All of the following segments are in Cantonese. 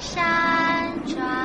山川。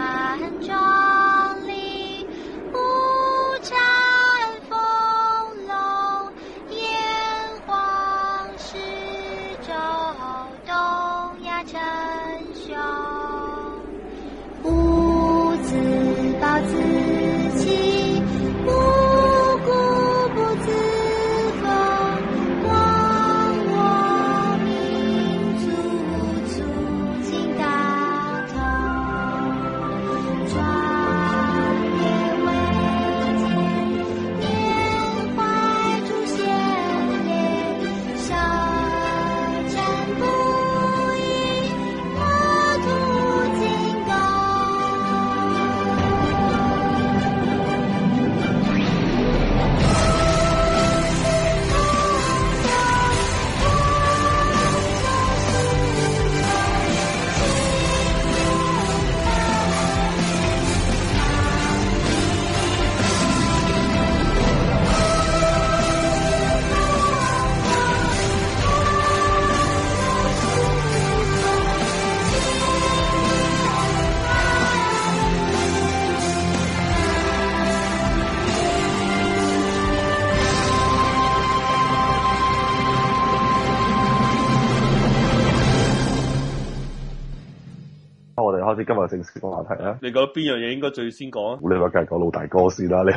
啲今日正式講話題啦、啊。你覺得邊樣嘢應該最先講啊？你咪繼續講老大哥先啦、啊！你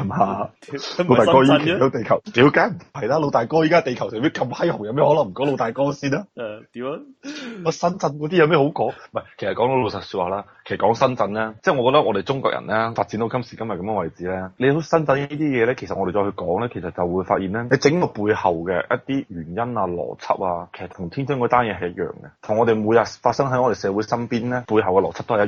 諗下， 啊、老大哥已經到地球，點解？係唔係啦？老大哥而家地球上面咁閪紅，有咩可能唔講老大哥先啦？誒，點啊？我深圳嗰啲有咩好講？唔係， 其實講到老實説話啦，其實講深圳咧，即係我覺得我哋中國人咧，發展到今時今日咁嘅位置咧，你講深圳呢啲嘢咧，其實我哋再去講咧，其實就會發現咧，你整個背後嘅一啲原因啊、邏輯啊，其實同天津嗰單嘢係一樣嘅，同我哋每日發生喺我哋社會身邊咧，背後嘅邏輯都係一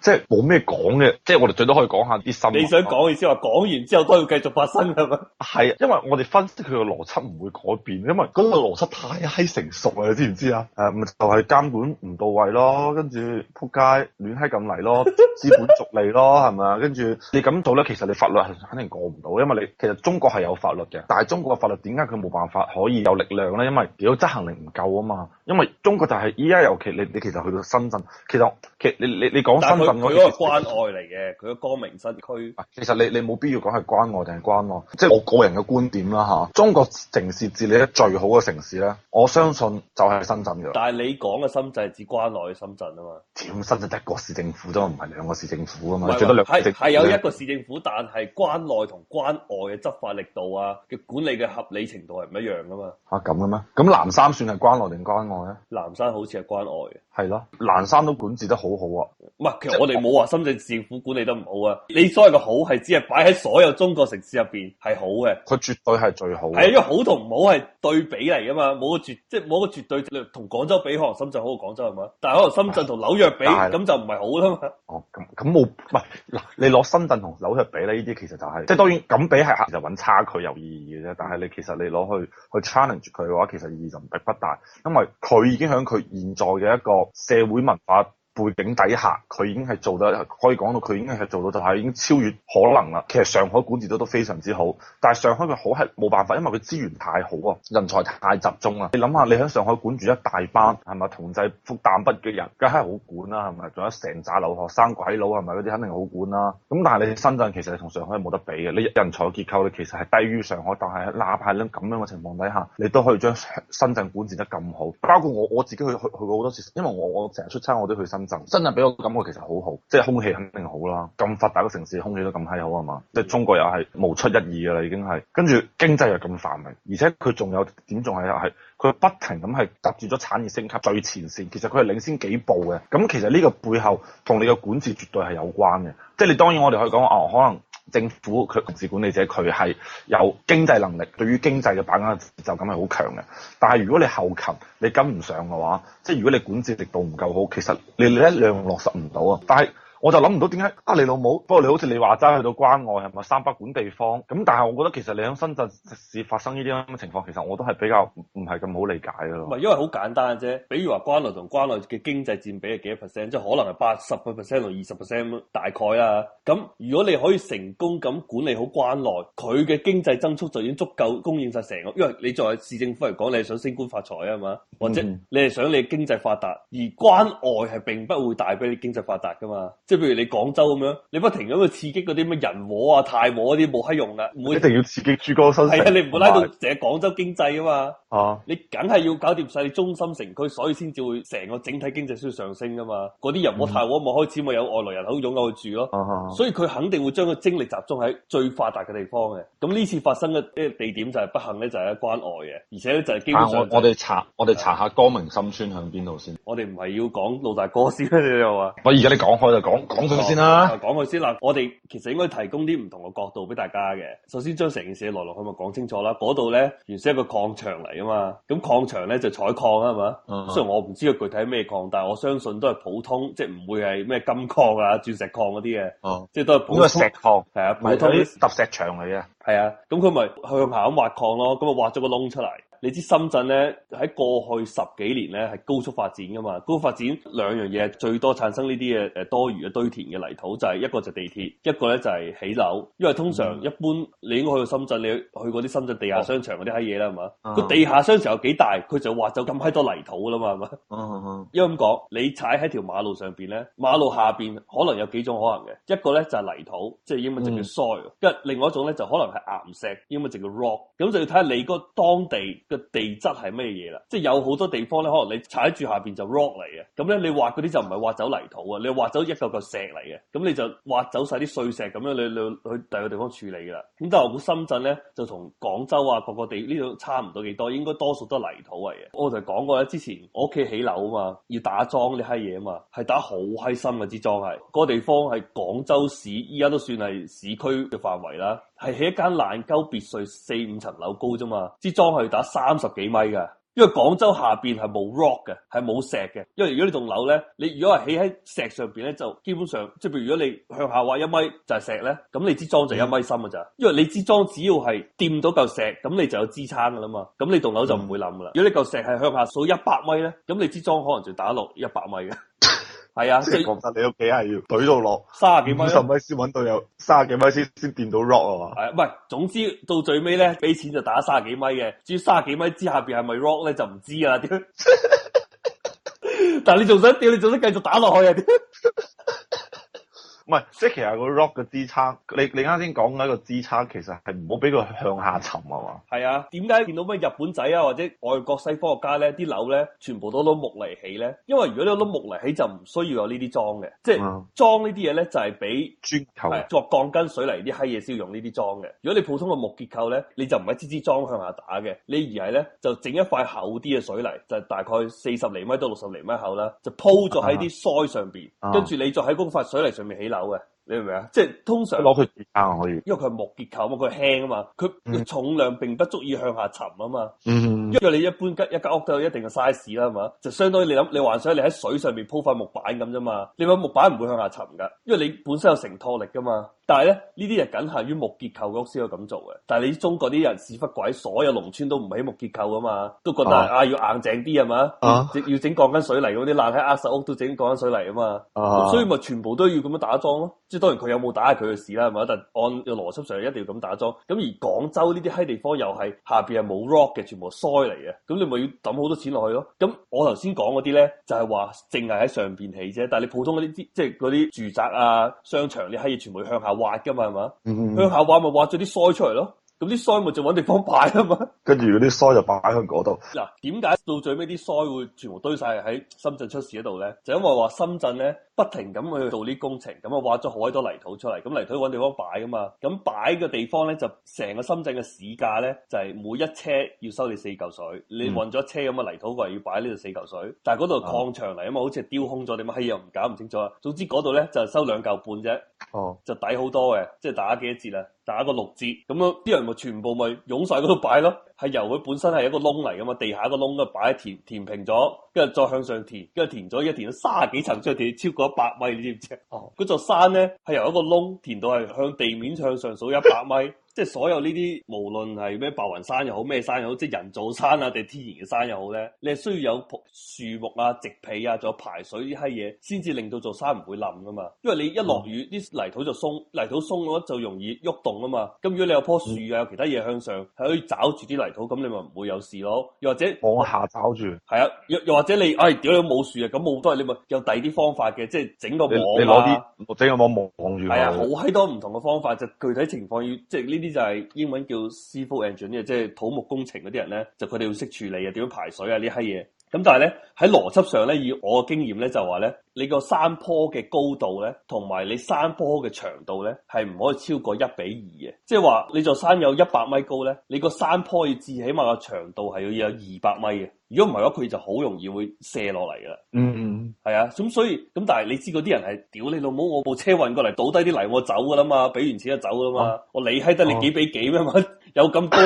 即係冇咩講嘅，即係我哋最多可以講下啲心。你想講嘅意思話講完之後都要繼續發生係嘛？係， 因為我哋分析佢嘅邏輯唔會改變，因為嗰個邏輯太閪成熟啦，你知唔知啊？誒、嗯，咪就係、是、監管唔到位咯，跟住扑街亂閪咁嚟咯，資本逐利咯，係咪啊？跟住你咁做咧，其實你法律係肯定過唔到，因為你其實中國係有法律嘅，但係中國嘅法律點解佢冇辦法可以有力量咧？因為佢執行力唔夠啊嘛。因為中國就係依家尤其你你其實去到深圳，其實其你你你講深圳。佢嗰個關外嚟嘅，佢個光明新區。其實你你冇必要講係關內定係關外，即係我個人嘅觀點啦嚇、啊。中國城市治理得最好嘅城市咧，我相信就係深圳㗎。但係你講嘅深圳係指關內深圳啊嘛？點？深圳一個市政府都唔係兩個市政府㗎嘛，最多兩。係係有一個市政府，但係關內同關外嘅執法力度啊，嘅管理嘅合理程度係唔一樣㗎嘛？嚇咁嘅咩？咁南山算係關內定關外咧？南山好似係關外嘅。係咯，南山都管治得好好啊。唔係，其實。嗯、我哋冇話深圳市政府管理得唔好啊！你所謂嘅好係只係擺喺所有中國城市入邊係好嘅，佢絕對係最好。係因為好同唔好係對比嚟噶嘛，冇個絕即係冇個絕對，同廣州比可能深圳好過廣州係嘛？但係可能深圳同紐約比咁是就唔係好啦嘛。哦，咁咁冇唔係嗱，你攞深圳同紐約比咧，呢啲其實就係、是、即係當然咁比係客就搵差距有意義嘅啫。但係你其實你攞去去 challenge 佢嘅話，其實意義就唔係不大，因為佢已經喺佢現在嘅一個社會文化。背景底下，佢已經係做得可以講到，佢已經係做到，但係已經超越可能啦。其實上海管治得都非常之好，但係上海嘅好係冇辦法，因為佢資源太好啊，人才太集中啦。你諗下，你喺上海管住一大班，係咪同濟復旦北大嘅人，梗係好管啦，係咪？仲有成扎留學生鬼佬，係咪？嗰啲肯定好管啦，啊？咁但係你深圳其實係同上海冇得比嘅，你人才結構你其實係低於上海，但係哪怕喺咁樣嘅情況底下，你都可以將深圳管治得咁好。包括我我自己去去去過好多次，因為我我成日出差我都去深圳。真係俾我感覺其實好好，即係空氣肯定好啦。咁發達嘅城市空氣都咁閪好吖嘛？即係中國又係無出一二嘅啦，已經係。跟住經濟又咁繁榮，而且佢仲有點仲係又係，佢不停咁係踏住咗產業升級最前線。其實佢係領先幾步嘅。咁其實呢個背後同你嘅管治絕對係有關嘅。即係你當然我哋可以講，哦，可能。政府佢同時管理者，佢係有經濟能力，對於經濟嘅把握就感係好強嘅。但係如果你後勤你跟唔上嘅話，即係如果你管治力度唔夠好，其實你你一樣落實唔到啊。但係。我就諗唔到點解啊！你老母，不過你好似你話齋去到關外係咪三不管地方咁？但係我覺得其實你喺深圳市發生呢啲咁嘅情況，其實我都係比較唔係咁好理解咯。唔，因為好簡單嘅啫，比如話關內同關內嘅經濟佔比係幾多 percent？即係可能係八十個 percent 同二十 percent 大概啊。咁如果你可以成功咁管理好關內，佢嘅經濟增速就已經足夠供應晒成個，因為你作為市政府嚟講，你係想升官發財啊嘛，嗯、或者你係想你經濟發達，而關外係並不會帶俾你經濟發達噶嘛。即係譬如你廣州咁樣，你不停咁去刺激嗰啲咩人和啊、泰和嗰啲冇閪用啦，唔會一定要刺激珠江新城係啊，你唔會拉到成個廣州經濟啊嘛。哦，啊、你梗係要搞掂晒中心城區，所以先至會成個整體經濟要上升噶嘛。嗰啲人我太和，冇、嗯、開始冇有外來人口湧入去住咯。啊啊、所以佢肯定會將個精力集中喺最發達嘅地方嘅。咁呢次發生嘅呢個地點就係不幸咧，就係喺關外嘅，而且咧就係基本上、就是啊。我哋查我哋查下光明新區響邊度先。啊、我哋唔係要講老大哥先、啊、你又啊，啊。我而家你講開就講講佢先啦。講佢先啦，我哋其實應該提供啲唔同嘅角度俾大家嘅。首先將成件事來來去去講清楚啦。嗰度咧原先係個礦場嚟。啊嘛，咁礦場咧就採礦啊嘛，uh huh. 雖然我唔知佢具體咩礦，但係我相信都係普通，即係唔會係咩金礦啊、鑽石礦嗰啲嘅，哦、uh，huh. 即係都係普通通石礦，係啊，不普通啲搭石牆嚟嘅，係啊，咁佢咪向下咁挖礦咯，咁啊挖咗個窿出嚟。你知深圳咧喺過去十幾年咧係高速發展噶嘛？高速發展，兩樣嘢最多產生呢啲嘅誒多餘嘅堆填嘅泥土就係、是、一個就地鐵，一個咧就係起樓。因為通常一般你應該去到深圳，你去過啲深圳地下商場嗰啲閪嘢啦，係嘛？個地下商場有幾大，佢就挖就咁閪多泥土㗎啦嘛，係嘛？啊啊、因為咁講，你踩喺條馬路上邊咧，馬路下邊可能有幾種可能嘅，一個咧就係、是、泥土，即係英文直叫 soil，跟、嗯、另外一種咧就可能係岩石，英文直叫 rock。咁就要睇下你個當地。個地質係咩嘢啦？即係有好多地方咧，可能你踩住下邊就係 rock 嚟嘅，咁咧你挖嗰啲就唔係挖走泥土啊，你挖走一個個石嚟嘅，咁你就挖走晒啲碎石咁樣，你你去第二個地方處理噶啦。咁但係我估深圳咧就同廣州啊各個地呢度差唔多幾多，應該多數都泥土嚟嘅。我就係講過咧，之前我屋企起樓啊嘛，要打樁呢，閪嘢啊嘛，係打好閪深。嘅支樁係，嗰個地方係廣州市依家都算係市區嘅範圍啦。係起一間爛鳩別墅，四五層樓高咋嘛？支樁係打三十幾米噶，因為廣州下邊係冇 rock 嘅，係冇石嘅。因為如果你棟樓咧，你如果係起喺石上邊咧，就基本上即係，譬如如果你向下挖一米就係石咧，咁你支樁就一米深噶咋。嗯、因為你支樁只要係掂到嚿石，咁你就有支撐噶啦嘛。咁你棟樓就唔會冧噶啦。嗯、如果你嚿石係向下數一百米咧，咁你支樁可能就打落一百米嘅。係啊，即係講真，你屋企係要懟到落三十幾米，十米先搵到有三十幾米先先掂到 rock 啊嘛。係，唔係，總之到最尾咧，俾錢就打三十幾米嘅，至於三十幾米之下邊係咪 rock 咧，就唔知啦。點？ 但你仲想點？你仲想繼續打落去啊？ 唔係，即係其實個 rock 嘅支撐，你你啱先講緊一個支撐，其實係唔好俾佢向下沉啊嘛？係啊，點解見到咩日本仔啊，或者外國西方國家咧，啲樓咧全部都攞木嚟起咧？因為如果你攞木嚟起，就唔需要有呢啲裝嘅，即係裝呢啲嘢咧就係俾磚頭，作鋼筋水泥啲閪嘢先要用呢啲裝嘅。如果你普通嘅木結構咧，你就唔係支支裝向下打嘅，你而係咧就整一塊厚啲嘅水泥，就大概四十厘米到六十厘米厚啦，就鋪咗喺啲腮上邊，跟住、嗯嗯嗯嗯、你再喺嗰塊水泥上面起樓。有嘅，你明唔明啊？即係通常攞佢支撐可以，因為佢係木結構啊嘛，佢輕啊嘛，佢、嗯、重量並不足以向下沉啊嘛。嗯，因為你一般一間屋都有一定嘅 size 啦，係嘛，就相當於你諗你幻想你喺水上面鋪塊木板咁啫嘛，你話木板唔會向下沉噶，因為你本身有承托力噶嘛。但係咧，呢啲又僅限於木結構屋先可以咁做嘅。但係你中國啲人屎忽鬼，所有農村都唔起木結構噶嘛，都覺得啊要硬淨啲係嘛？要要整鋼筋水泥嗰啲爛喺阿叔屋都整鋼筋水泥啊嘛、啊，所以咪全部都要咁樣打樁咯。即係當然佢有冇打係佢嘅事啦，係嘛？但按個邏輯上一定要咁打樁。咁而廣州呢啲閪地方又係下邊係冇 rock 嘅，全部沙嚟嘅，咁你咪要抌好多錢落去咯。咁我頭先講嗰啲咧，就係話淨係喺上邊起啫。但係你普通嗰啲即係啲住宅啊、商場你可以全部向下。挖嘅嘛，係嘛？嗯嗯？向下挖咪挖咗啲腮出嚟咯。 咁啲沙咪就揾地方擺啊嘛，跟住嗰啲沙就擺喺嗰度。嗱、啊，點解到最尾啲沙會全部堆晒喺深圳出事嗰度咧？就因為話深圳咧不停咁去做啲工程，咁啊挖咗好多泥土出嚟，咁泥土揾地方擺啊嘛，咁擺嘅地方咧就成個深圳嘅市價咧就係、是、每一車要收你四嚿水，你運咗車咁嘅、嗯、泥土過嚟要擺呢度四嚿水，但係嗰度係礦場嚟啊嘛，嗯、好似係丟空咗點嘛，係又唔搞唔清楚啊。總之嗰度咧就是、收兩嚿半啫、嗯，就抵好多嘅，即係打幾多折啊？打一個六字咁樣，啲人咪全部咪湧晒嗰度擺咯。係由佢本身係一個窿嚟噶嘛，地下一個窿，咁擺填填平咗，跟住再向上填，跟住填咗一填咗卅幾層，出去，填超過一百米，你知唔知？哦，嗰座山咧係由一個窿填到係向地面向上數一百米。 即係所有呢啲，無論係咩白雲山又好，咩山又好，即係人造山啊，定天然嘅山又好咧，你係需要有棵樹木啊、植被啊，仲有排水呢啲嘢，先至令到座山唔會冧噶嘛。因為你一落雨，啲、嗯、泥土就鬆，泥土鬆嘅話就容易喐動啊嘛。咁如果你有棵樹啊，有其他嘢向上，係、嗯、可以找住啲泥土，咁你咪唔會有事咯。又或者往下找住，係啊，又又或者你，哎，屌你冇樹啊，咁冇多係你咪有第二啲方法嘅，即係整、啊整啊、整個網，你攞啲，整個網望住，係啊，好閪多唔同嘅方法，就具體情況要即係呢。呢啲就係英文叫 civil engineer 即係土木工程嗰啲人咧，就佢哋要識處理啊，點樣排水啊呢啲嘢。咁但係咧，喺邏輯上咧，以我嘅經驗咧，就話咧。你個山坡嘅高度咧，同埋你山坡嘅長度咧，係唔可以超過一比二嘅。即係話你座山有一百米高咧，你個山坡嘅至起碼個長度係要有二百米嘅。如果唔係話，佢就好容易會射落嚟噶啦。嗯嗯，啊、嗯嗯，係、嗯、啊。咁所以咁，但係你知嗰啲人係，屌你老母！我部車運過嚟，倒低啲泥，我走噶啦嘛。俾完錢就走噶啦嘛。啊、我理閪得你幾比幾咩嘛？ 有咁高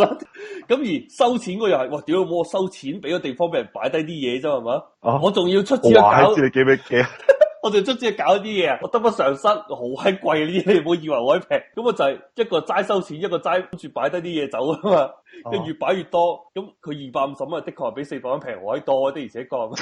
啦，咁 而收錢嗰又係，哇！屌你老母，我收錢俾個地方俾人擺低啲嘢啫嘛？啊、我仲要出錢搞。 我哋出錢搞啲嘢啊！我得不償失，好閪貴呢啲，你唔好以為我閪平。咁我就係一個齋收錢，一個齋住擺低啲嘢走啊嘛。跟住、啊、越擺越多，咁佢二百五十蚊的確係比四百蚊平，我閪多我的而且剛。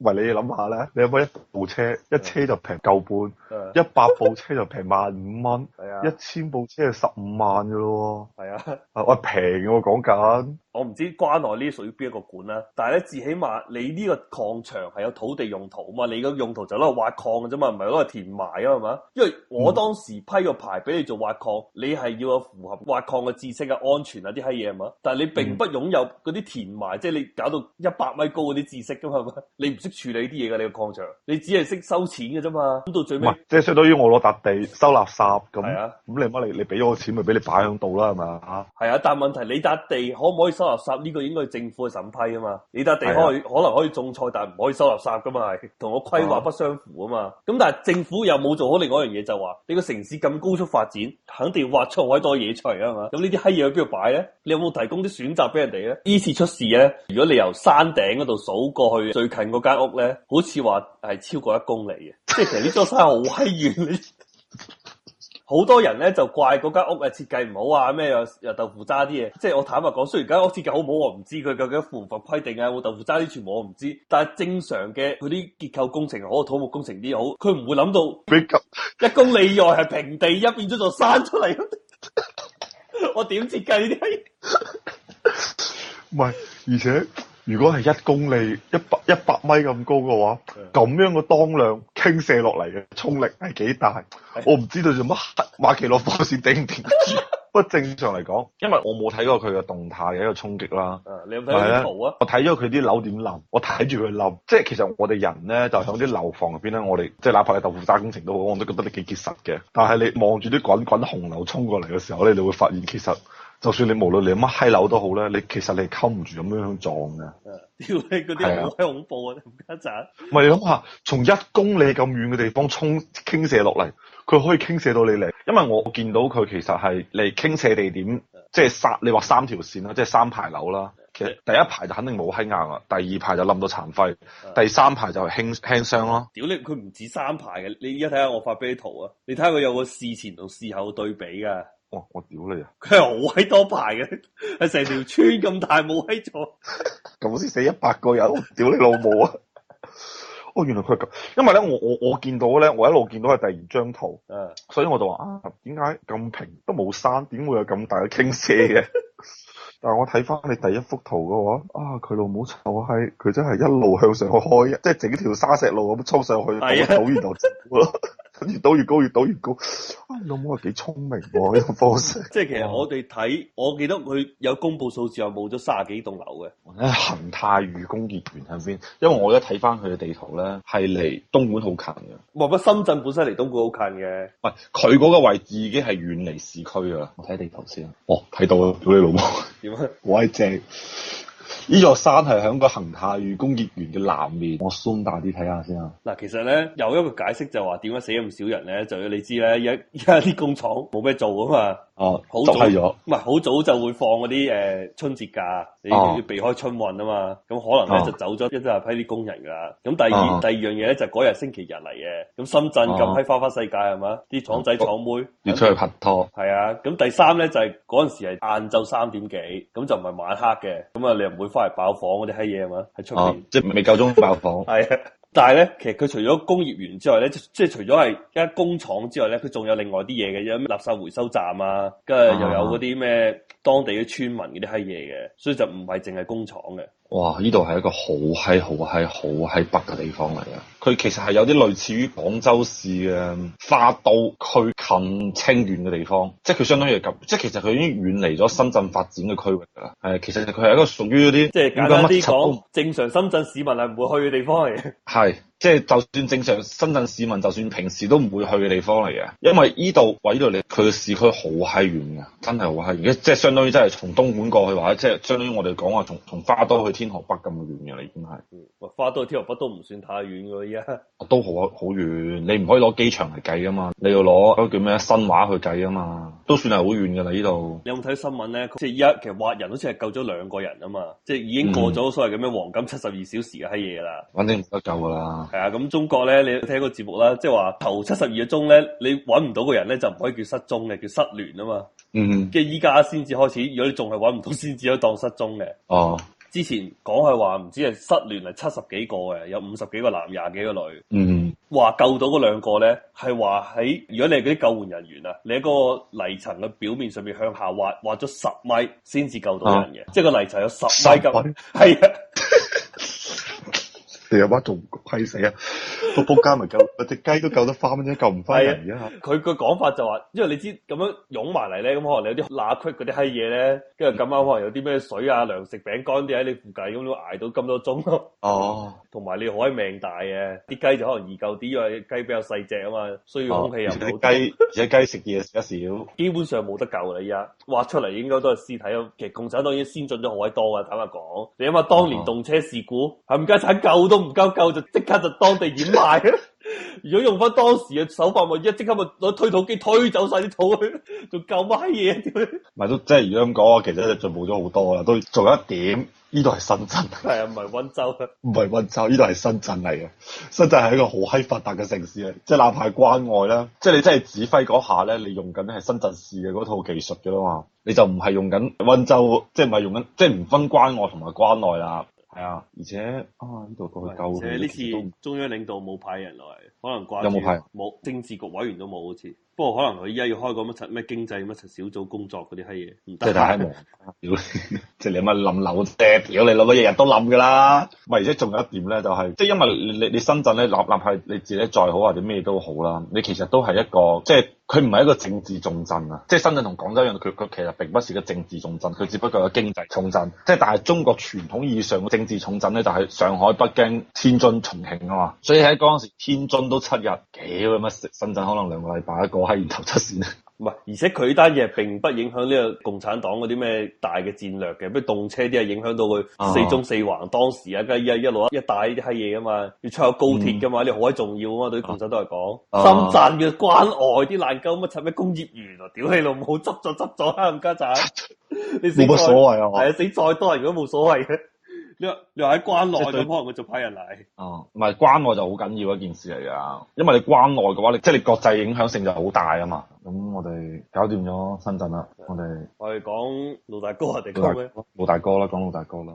喂，你諗下啦，你有冇一部車？一車就平夠半，一百的部車就平萬五蚊，一千的部車就十五萬噶咯。係的、哎、啊，喂，平嘅我講緊。我唔知關內呢啲屬於邊一個管啦，但係咧，至起碼你呢個礦場係有土地用途啊嘛，你個用途就攞嚟挖礦嘅啫嘛，唔係攞嚟填埋啊嘛，因為我當時批個牌俾你做挖礦，你係要有符合挖礦嘅知識啊、安全啊啲閪嘢啊嘛，但係你並不擁有嗰啲填埋，即係你搞到一百米高嗰啲知識噶嘛，你唔識處理啲嘢噶，你個礦場，你只係識收錢嘅啫嘛，咁到最尾，即係相當於我攞笪地收垃圾咁，係啊，咁你乜你我你俾咗錢咪俾你擺喺度啦係嘛吓，係啊，但係問題你笪地可唔可以？收垃圾呢個應該係政府嘅審批啊嘛，你笪地可以的可能可以種菜，但係唔可以收垃圾噶嘛，同個規劃不相符啊嘛。咁的但係政府又冇做好另外一樣嘢，就話你個城市咁高速發展，肯定要挖出好多嘢出嚟啊嘛。咁呢啲閪嘢喺邊度擺咧？你有冇提供啲選擇俾人哋咧？依次出事咧，如果你由山頂嗰度數過去最近嗰間屋咧，好似話係超過一公里嘅，即係 其實呢座山好閪遠。好多人咧就怪嗰間屋嘅設計唔好啊，咩又又豆腐渣啲嘢。即係我坦白講，雖然間屋設計好唔好我唔知，佢究竟符唔符合規定啊，有冇豆腐渣啲全部我唔知。但係正常嘅佢啲結構工程好，土木工程啲好，佢唔會諗到一公里外係平地，一變咗座山出嚟， 我點設計呢啲？唔 係，而且。如果係一公里一百一百米咁高嘅話，咁樣嘅當量傾瀉落嚟嘅衝力係幾大？我唔知道做乜馬奇諾防線頂唔頂得住。不過正常嚟講，因為我冇睇過佢嘅動態嘅一個衝擊啦。你有睇啲圖啊？我睇咗佢啲樓點冧，我睇住佢冧。即係其實我哋人咧，就喺啲樓房入邊咧，我哋即係哪怕你豆腐渣工程都好，我都覺得你幾結實嘅。但係你望住啲滾滾洪流衝過嚟嘅時候咧，你會發現其實。就算你無論你有乜閪樓都好啦，你其實你係溝唔住咁樣樣撞嘅。屌你嗰啲好恐怖啊！ 你唔得閂。唔係你諗下，從一公里咁遠嘅地方衝傾瀉落嚟，佢可以傾瀉到你嚟，因為我見到佢其實係嚟傾瀉地點， 即係三你話三條線啦，即係三排樓啦。其實第一排就肯定冇閪硬啦，第二排就冧到殘廢， 第三排就輕輕傷咯。屌你！佢唔止三排嘅，你而家睇下我發俾啲圖啊，你睇下佢有個事前同事後對比嘅。哇！我屌你啊！佢係好閪多排嘅，係成條村咁大冇閪坐，咁先 死一百個人，屌你老母啊！ 哦，原來佢係咁，因為咧，我我我見到咧，我一路見到係第二張圖，誒、嗯，所以我就話啊，點解咁平都冇山，點會有咁大嘅傾斜嘅？ 但係我睇翻你第一幅圖嘅話，啊，佢老母臭閪，佢真係一路向上開，即係整條沙石路，咁樣抽上去好倒喺度。 越倒越高，越倒越高。阿、哎、老母係幾聰明嘅，呢個波士。即係其實我哋睇，我記得佢有公布數字話冇咗卅幾棟樓嘅。喺恒 泰裕工業園喺邊，因為我而家睇翻佢嘅地圖咧，係離東莞好近嘅。冇乜，深圳本身離東莞好近嘅。喂，佢嗰個位置已經係遠離市區噶啦。我睇地圖先。哦，睇到啦，屌你老母。點解我係正。呢座山係喺個恒泰裕工業園嘅南面，我鬆大啲睇下先。嗱，其實咧有一個解釋就話點解死咁少人呢？就要你知咧，而而家啲工廠冇咩做啊嘛。哦，好、啊、了早，唔係好早就會放嗰啲誒春節假，你要、啊、避開春運啊嘛，咁可能咧、啊、就走咗一紮批啲工人噶，咁第二、啊、第二樣嘢咧就嗰、是、日星期日嚟嘅，咁深圳咁批花花世界係嘛，啲、啊、廠仔廠妹要、啊、吧出去拍拖，係啊，咁第三咧就係嗰陣時係晏晝三點幾，咁就唔係晚黑嘅，咁啊你又唔會翻嚟爆房嗰啲閪嘢啊嘛，喺出邊即係未夠鐘爆房，係 啊。但係咧，其實佢除咗工業園之外咧，即即除咗係一間工廠之外咧，佢仲有另外啲嘢嘅，有咩垃圾回收站啊，跟住又有嗰啲咩當地嘅村民嗰啲係嘢嘅，所以就唔係淨係工廠嘅。哇！呢度係一個好閪、好閪、好閪北嘅地方嚟嘅。佢其實係有啲類似於廣州市嘅花都區近清遠嘅地方，即係佢相當於咁，即係其實佢已經遠離咗深圳發展嘅區域啦。係，其實佢係一個屬於嗰啲即係簡單啲講，正常深圳市民係唔會去嘅地方嚟。係。即係就算正常深圳市民，就算平時都唔會去嘅地方嚟嘅，因為依度位依度嚟，佢嘅市區好閪遠㗎，真係好閪遠。即係相當於真係從東莞過去話，即係相當於我哋講話從從花都去天河北咁遠嘅啦，已經係、嗯。花都去天河北都唔算太遠嘅咯，依 家都好好遠。你唔可以攞機場嚟計啊嘛，你要攞個叫咩新畫去計啊嘛，都算係好遠嘅啦。呢度有冇睇新聞咧？即係依家其實挖人好似係救咗兩個人啊嘛，即係已經過咗所謂嘅咩黃金七十二小時嘅閪嘢啦。反正唔得救啦。係啊，咁中國咧，你聽、就是、個節目啦，即係話頭七十二個鐘咧，你搵唔到個人咧，就唔可以叫失蹤嘅，叫失聯啊嘛。嗯、mm，即係依家先至開始，如果你仲係搵唔到，先至可以當失蹤嘅。哦，oh. 之前講係話唔止係失聯係七十幾個嘅，有五十幾個男，廿幾個女。嗯、mm，話、hmm. 救到嗰兩個咧，係話喺如果你係嗰啲救援人員啊，你喺個泥層嘅表面上面向下挖挖咗十米先至救到人嘅，ah. 即係個泥層有十米咁米。係啊。成有把到批死啊！個煲雞咪夠，個隻 雞都救得翻啫，救唔翻人而、啊、家。佢個講法就話，因為你知咁樣擁埋嚟咧，咁可能有啲罅隙嗰啲閪嘢咧，跟住咁啱可能有啲咩水啊、糧食、餅乾啲喺你附近，咁樣捱到咁多鐘咯。哦、啊，同埋你好鬼命大嘅、啊，啲雞就可能易救啲，因為雞比較細隻啊嘛，需要空氣又好、啊。而且雞，而家雞食嘢食得少。基本上冇得救啦！而家挖出嚟應該都係屍體。其實共產黨已經先進咗好鬼多嘅，坦白講。你諗下，當年動車事故係唔係產舊多？是唔夠夠就即刻就當地掩埋啊！如果用翻當時嘅手法，咪一即刻咪攞推土機推走晒啲土去，仲夠乜嘢？唔係都即係如果咁講，其實就進步咗好多啦。都仲有一點，呢度係深圳，係 啊，唔係溫州，唔係溫州，呢度係深圳嚟嘅。深圳係一個好閪發達嘅城市啊！即係哪怕係關外啦。即係你真係指揮嗰下咧，你用緊咧係深圳市嘅嗰套技術嘅啦嘛，你就唔係用緊溫州，即係唔係用緊，即係唔分關外同埋關內啦。係啊，而且啊呢度過去夠，而且呢次中央領導冇派人來，可能掛住冇政治局委員都冇好似。不過可能佢依家要開個乜柒咩經濟乜柒小組工作嗰啲閪嘢，即係太忙，屌 即係你乜諗樓啫？屌你老母日日都諗㗎啦。唔係，而且仲有一點咧，就係，就係即係因為你你深圳咧立立係你自己再好或者咩都好啦，你其實都係一個即係佢唔係一個政治重鎮啊！即係深圳同廣州一樣，佢佢其實並不是一個政治重鎮，佢只不過係經濟重鎮。即係但係中國傳統意義上嘅政治重鎮咧，就係上海、北京、天津、重慶啊嘛。所以喺嗰陣時，天津都七日，屌咁啊！深圳可能兩個禮拜一個。係唔投出線啊？唔係，而且佢單嘢並不影響呢個共產黨嗰啲咩大嘅戰略嘅，比如動車啲係影響到佢四縱四橫、啊、當時啊，跟住啊一路一帶呢啲閪嘢啊嘛，要出口高鐵嘅嘛，呢、嗯、好鬼重要啊嘛，對共產黨嚟講，啊、深圳嘅關外啲爛鳩乜柒咩工業園啊，屌你老母，執咗執咗啦，咁家陣，你冇乜所謂啊，係 在啊，啊，死再多人如果冇所謂嘅。你你話喺關內嗰方對，我可能會做批人嚟。哦、嗯，唔係關內就好緊要一件事嚟噶，因為你關內嘅話，你即係你國際影響性就好大啊嘛。咁我哋搞掂咗深圳啦，的我哋們我哋講老大哥定大講老大哥啦，講老大哥啦。